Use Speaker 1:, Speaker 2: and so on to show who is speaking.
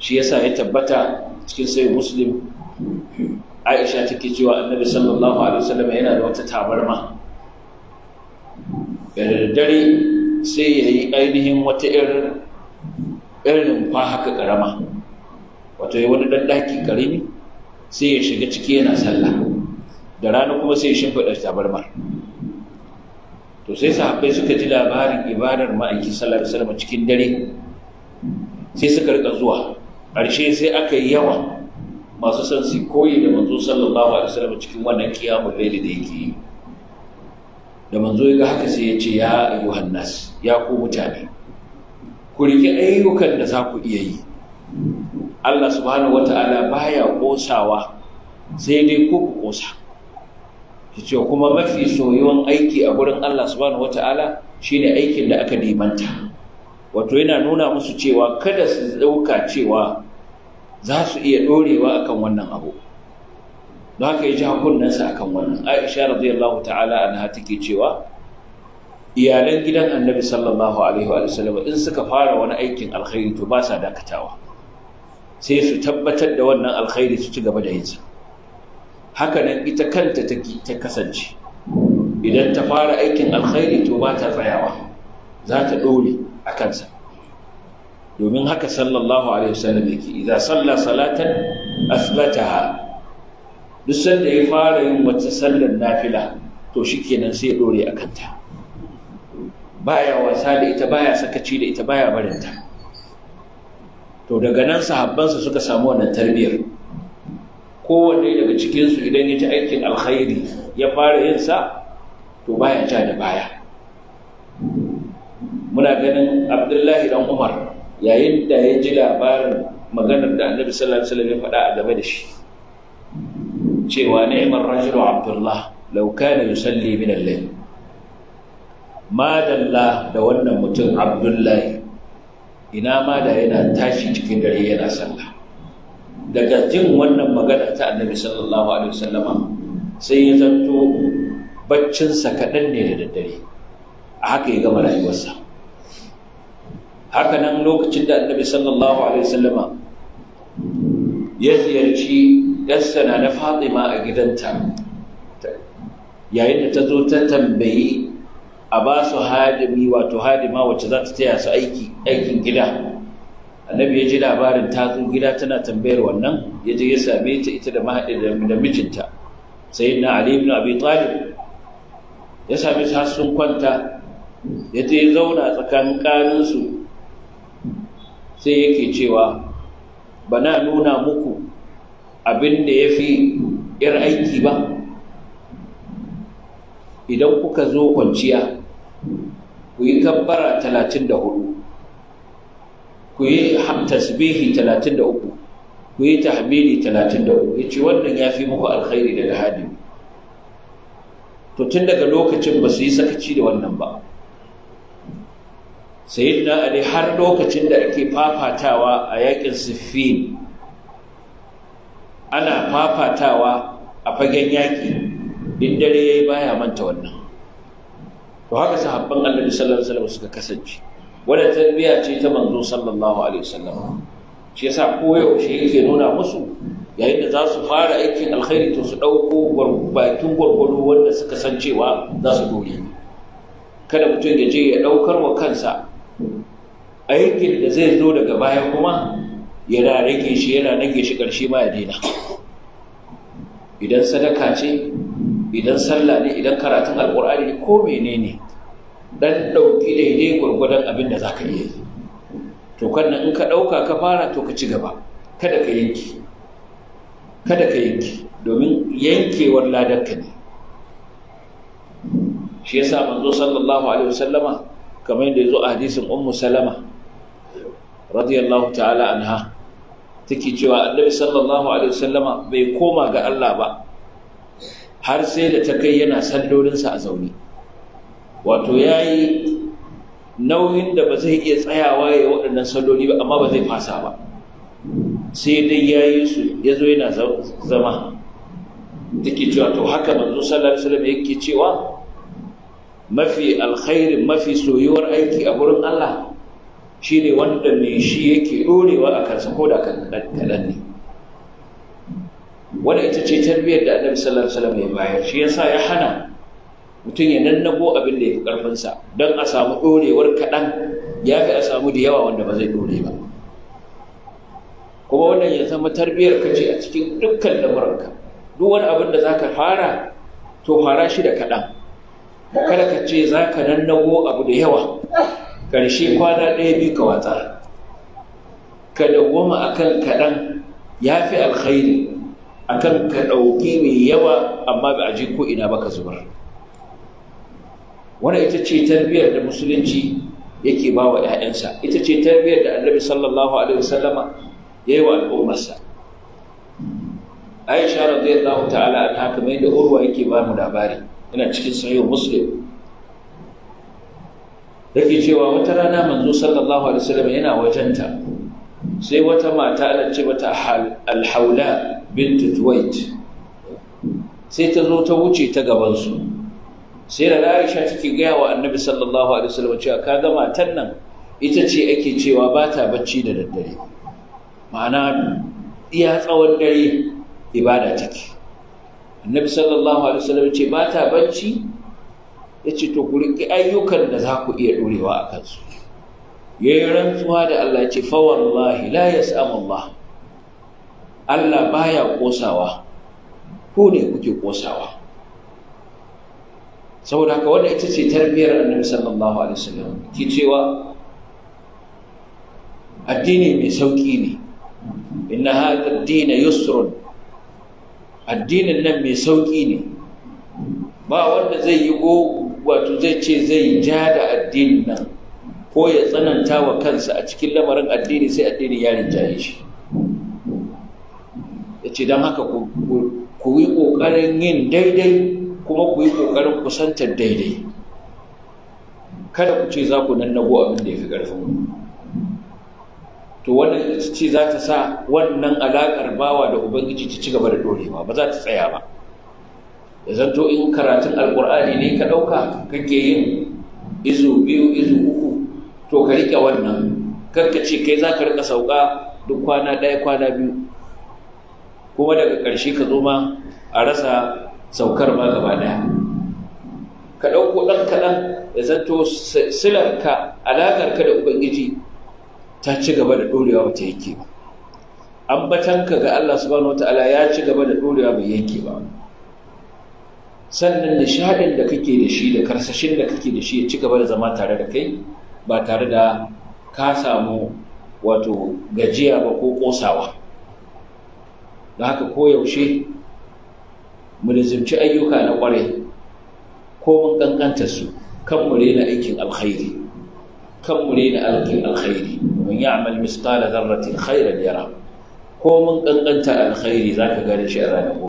Speaker 1: shi yasa ya tabbata cikin sai muslim aisha take cewa annabi sallallahu alaihi wasallam yana da wata tabarma da dare, sai ya yi ainihin wata irin irin haka karama wato ya wani dan daki karimi sai ya shiga ciki yana sallah da rana kuma sai ya shimfiɗa tabarma to sai sahabbai suka ji labarin ibadar ma'aiki sallallahu alaihi wasallam cikin dare sai suka rika zuwa ƙarshe sai aka yi yawa masu son su koyi da manzo sallallahu alaihi wasallam cikin wannan kiyamul layl da yake yi da manzo ya ga haka sai ya ce ya ayyuhan ya ku mutane ku rike ayyukan da za ku iya yi Allah subhanahu wata'ala baya kosawa sai dai ku kosa ce kuma mafi soyuwan aiki a gurin Allah subhanahu wata'ala shine aikin da aka dimanta wato yana nuna musu cewa kada su dauka cewa za su iya ɗorewa akan wannan abu don haka jiha ji hakunnansa akan wannan aisha radiyallahu ta'ala anha take cewa iyalan gidan annabi sallallahu alaihi wa in suka fara wani aikin alkhairi to ba sa dakatawa sai su tabbatar da wannan alkhairi su ci gaba da yinsa haka nan ita kanta ta kasance idan ta fara aikin alkhairi to ba ta tsayawa za ta ɗore a kansa domin haka sallallahu alaihi wasallam yake idan salla salatan asbataha duk sanda ya fara yin wata sallar nafila to shikenan sai ya dore a kanta baya wasa da ita baya sakaci da ita baya barinta to daga nan sahabbansa suka samu wannan tarbiyyar kowanne daga cikin su idan ya ci aikin alkhairi ya fara yin sa to baya ja da baya muna ganin abdullahi dan umar yayin da ya ji labarin maganar da annabi sallallahu alaihi wasallam ya faɗa a game da shi cewa ni'mar rajulu abdullah law kana yusalli min al-layl dalla da wannan mutum abdullahi ina ma da yana tashi cikin dare yana sallah daga jin wannan magana ta annabi sallallahu alaihi wasallam sai ya zanto baccinsa kaɗan ne da daddare a haka ya gama rayuwarsa haka nan lokacin da annabi sallallahu alaihi wasallama ya ziyarci yarsa na na fatima a gidanta yayin da ta zo ta tambayi a ba su hadimi wato hadima wacce za ta taya su aikin gida annabi ya ji labarin ta zo gida tana tambayar wannan ya je ya same ta ita da mahaɗi da mijinta sai na ali ibn abi talib ya same su har sun kwanta ya je ya zauna tsakanin ƙaninsu. sai yake cewa ba na nuna muku abin da ya fi ‘yar aiki ba idan kuka zo kwanciya ku yi kabbara talatin da hudu ku yi tasbihi talatin da uku ku yi tahmidi talatin da uku ya ce wannan ya fi muku alkhairi daga hadin to tun daga lokacin ba su yi sakaci da wannan ba sayyidina ali har lokacin da ake fafatawa a yakin siffin ana fafatawa a fagen yaki in dare yayi baya manta wannan to haka sahabban annabi sallallahu alaihi wasallam suka kasance wannan tarbiya ce ta manzo sallallahu alaihi wasallam shi yasa koyaushe yake nuna musu yayin da za su fara aikin alkhairi to su ɗauko bakin gwargwado wanda suka san cewa za su dole kada mutum ya je ya ɗaukar wa kansa aikin da zai zo daga baya kuma yana rage shi yana rage shi ƙarshe ma ya idan sadaka ce idan sallah ne idan karatun alƙur'ani ne ko menene dan ɗauki daidai gwargwadon abin da za ka iya yi to kanna in ka ɗauka ka fara to ka ci gaba kada ka yanki kada ka yanki domin yankewar ladarka ne shi yasa manzo sallallahu alaihi wasallama kamar yadda ya zo a hadisin ummu salama radiyallahu ta'ala anha take cewa annabi sallallahu alaihi wasallama bai koma ga Allah ba har sai da ta kai yana sallolinsa a zaune wato yayi nauyin da ba zai iya tsayawa ya waɗannan salloli ba amma ba zai fasa ba sai dai yi su yazo yana zama take cewa to haka manzo sallallahu alaihi wasallam yake cewa mafi alkhairin mafi soyuwar aiki a gurin Allah shi ne wanda mai shi yake ɗorewa a kansa ko da kaɗan ne wadda ita ce tarbiyyar da annabi sallallahu alaihi wasallam ya bayar shi yasa ya hana mutum ya nannago abin da ya fi ƙarfinsa don a samu ɗorewar kaɗan ya fi a samu da yawa wanda ba zai ɗore ba kuma wannan ya zama tarbiyyar ka ce a cikin dukkan lamuranka duk wani abin da za ka fara to fara shi da kaɗan kada ka ce za ka nannago abu da yawa ƙarshe kwana ɗaya biyu ka watsa ka a akan kaɗan ya fi alkhairi akan ka ɗauki mai yawa amma ba a ji ko ina ba ka zubar Wani ita ce tarbiyyar da musulunci yake ba wa 'ya'yansa ita ce tarbiyyar da annabi sallallahu alaihi wasallama ya yi wa al'ummarsa aisha radiyallahu ta'ala haka kamar da urwa yake ba mu labari yana cikin sahih muslim yake cewa wata rana manzo sallallahu alaihi wasallam yana wajenta sai wata mata ana ce mata alhaula bint tuwait sai ta zo ta wuce ta gaban su sai da Aisha take gaya wa Annabi sallallahu alaihi wasallam cewa kaga matan nan ita ce ake cewa ba ta bacci da daddare ma'ana iya tsawon dare ibada take annabi sallallahu alaihi wasallam ce ba ta bacci ya ce to ku riƙi ayyukan da za ku iya ɗorewa a kansu ya yi rantsuwa da Allah ce fa wallahi la yas'am Allah Allah baya kosawa ko ne kuke kosawa saboda haka wanda ita ce tarbiyyar annabi sallallahu alaihi wasallam ke cewa addini mai sauki ne inna hadha ad-din yusrun addinin nan mai sauƙi ne ba wanda zai yi go wato zai ce zai ja da addinin nan ko ya tsananta wa kansa a cikin lamarin addini sai addini ya rinjaye shi ya ce don haka ku yi ƙoƙarin yin daidai kuma ku yi ƙoƙarin kusantar daidai kada ku ce za ku nan nago abin da ya fi ƙarfin to wannan ce za ta sa wannan alaƙar bawa da ubangiji ta ci gaba da dorewa ba za ta tsaya ba da zanto in karatun alƙur'ani ne ka ɗauka kake yin izu biyu izu uku to ka riƙe wannan karka ce kai za ka riƙa sauka duk kwana ɗaya kwana biyu kuma daga ƙarshe ka zo ma a rasa saukar ma gaba ɗaya ka ɗauko ɗan kaɗan da zanto silarka alaƙarka da ubangiji ta ci gaba da ɗorewa ba ta yanke ba ambatanka ga Allah subhanahu wataala ya ci gaba da ɗorewa bai yanke ba sannan nishadin da kake da shi da karsashin da kake da shi ya ci gaba da zama tare da kai ba tare da ka samu wato gajiya ba ko kosawa da haka koyaushe mu lizimci ayyuka na kwarai ko mun kankanta su kan mu rena aikin alkhairi kan mu rena aikin alkhairi من يعمل مثقال ذرة خيرا يره هو من قنقنت الخير ذاك قال شيئا